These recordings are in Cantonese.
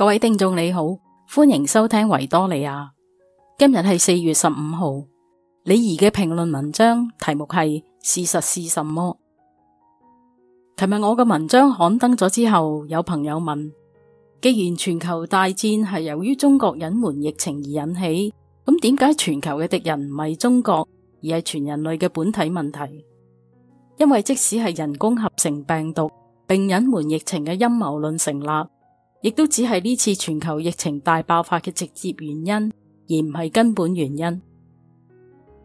各位聽眾你好，歡迎收聽維多利亞。今日係四月十五號，李怡嘅評論文章題目係事實是什麼？琴日我嘅文章刊登咗之後，有朋友問：既然全球大戰係由於中國隱瞞疫情而引起，咁點解全球嘅敵人唔係中國，而係全人類嘅本體問題？因為即使係人工合成病毒並隱瞞疫情嘅陰謀論成立，亦都只係呢次全球疫情大爆發嘅直接原因，而唔係根本原因。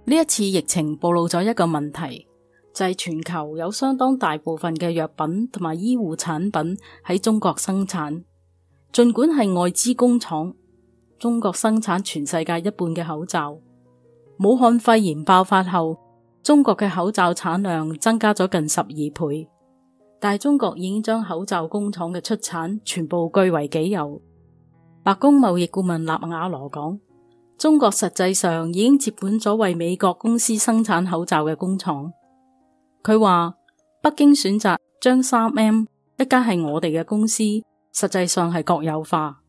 呢一次疫情暴露咗一個問題，就係全球有相當大部分嘅藥品同埋醫護產品喺中國生產。盡管係外資工廠，中國生產全世界一半嘅口罩。武漢肺炎爆發後，中國嘅口罩產量增加咗近十二倍。但中國已經將口罩工廠嘅出產全部據為己有。白宮貿易顧問納瓦羅講，中國實際上已經接管咗為美國公司生產口罩嘅工廠。佢話北京選擇將三 M 一家係我哋嘅公司，實際上係國有化。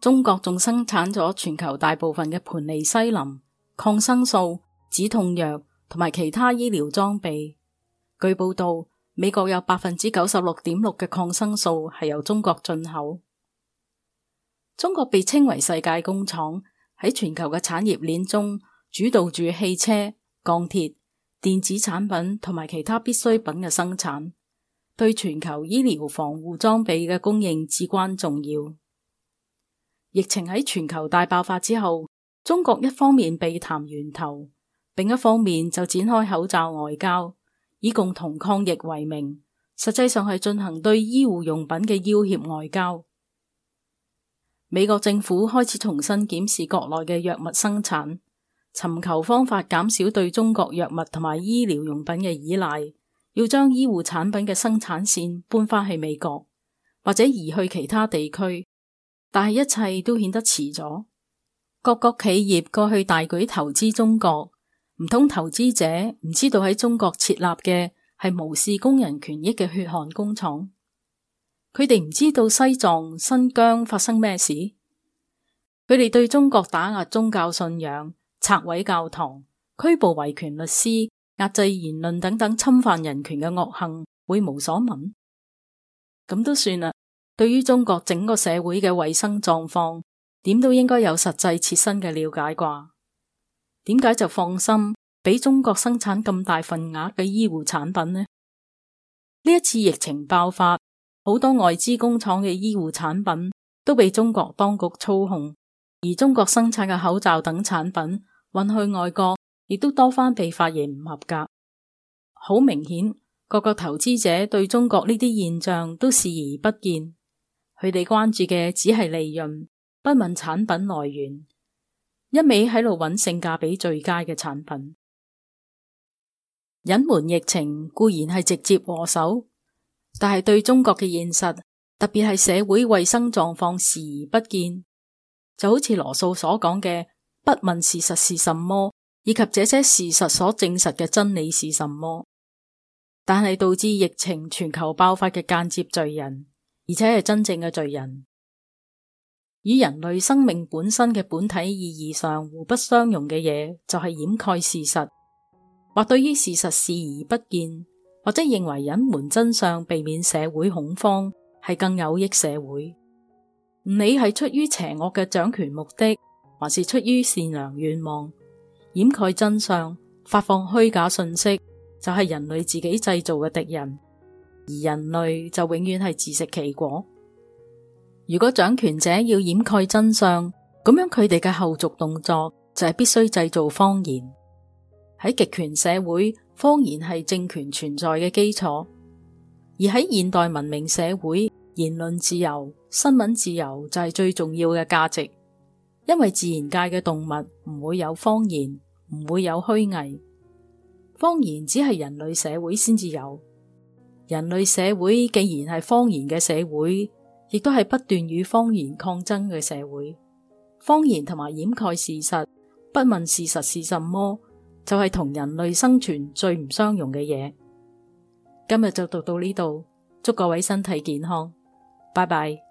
中國仲生產咗全球大部分嘅盤尼西林、抗生素、止痛藥同埋其他醫療裝備。據報道。美國有百分之九十六點六嘅抗生素係由中國進口。中國被稱為世界工廠，喺全球嘅產業鏈中主導住汽車、鋼鐵、電子產品同埋其他必需品嘅生產，對全球醫療防護裝備嘅供應至關重要。疫情喺全球大爆發之後，中國一方面避談源頭，另一方面就展開口罩外交。以共同抗疫為名，實際上係進行對醫護用品嘅要挾外交。美國政府開始重新檢視國內嘅藥物生產，尋求方法減少對中國藥物同埋醫療用品嘅依賴，要將醫護產品嘅生產線搬翻去美國或者移去其他地區。但係一切都顯得遲咗，各國企業過去大舉投資中國。唔通投資者唔知道喺中國設立嘅係無視工人權益嘅血汗工廠，佢哋唔知道西藏、新疆發生咩事，佢哋對中國打壓宗教信仰、拆毀教堂、拘捕維權律師、壓制言論等等侵犯人權嘅惡行會無所聞？咁都算啦。對於中國整個社會嘅衛生狀況，點都應該有實際、切身嘅了解啩？點解就放心俾中國生產咁大份額嘅醫護產品呢？呢一次疫情爆發，好多外資工廠嘅醫護產品都被中國當局操控，而中國生產嘅口罩等產品運去外國，亦都多番被發現唔合格。好明顯，各個投資者對中國呢啲現象都視而不見，佢哋關注嘅只係利潤，不問產品來源。一味喺度揾性價比最佳嘅產品，隱瞞疫情固然係直接禍首，但係對中國嘅現實，特別係社會衛生狀況視而不見，就好似羅素所講嘅不問事實是什麼，以及這些事實所證實嘅真理是什麼，但係導致疫情全球爆發嘅間接罪人，而且係真正嘅罪人。與人類生命本身嘅本體意義上互不相容嘅嘢，就係、是、掩蓋事實，或對於事實視而不見，或者認為隱瞞真相、避免社會恐慌係更有益社會。唔理係出於邪惡嘅掌權目的，還是出於善良願望，掩蓋真相、發放虛假信息，就係、是、人類自己製造嘅敵人，而人類就永遠係自食其果。如果掌權者要掩蓋真相，咁樣佢哋嘅後續動作就係必須製造謊言。喺極權社會，謊言係政權存在嘅基礎；而喺現代文明社會，言論自由、新聞自由就係最重要嘅價值。因為自然界嘅動物唔會有謊言，唔會有虛偽。謊言只係人類社會先至有。人類社會既然係謊言嘅社會。亦都係不斷與謊言抗爭嘅社會，謊言同埋掩蓋事實，不問事實是什麼，就係、是、同人類生存最唔相容嘅嘢。今日就讀到呢度，祝各位身體健康，拜拜。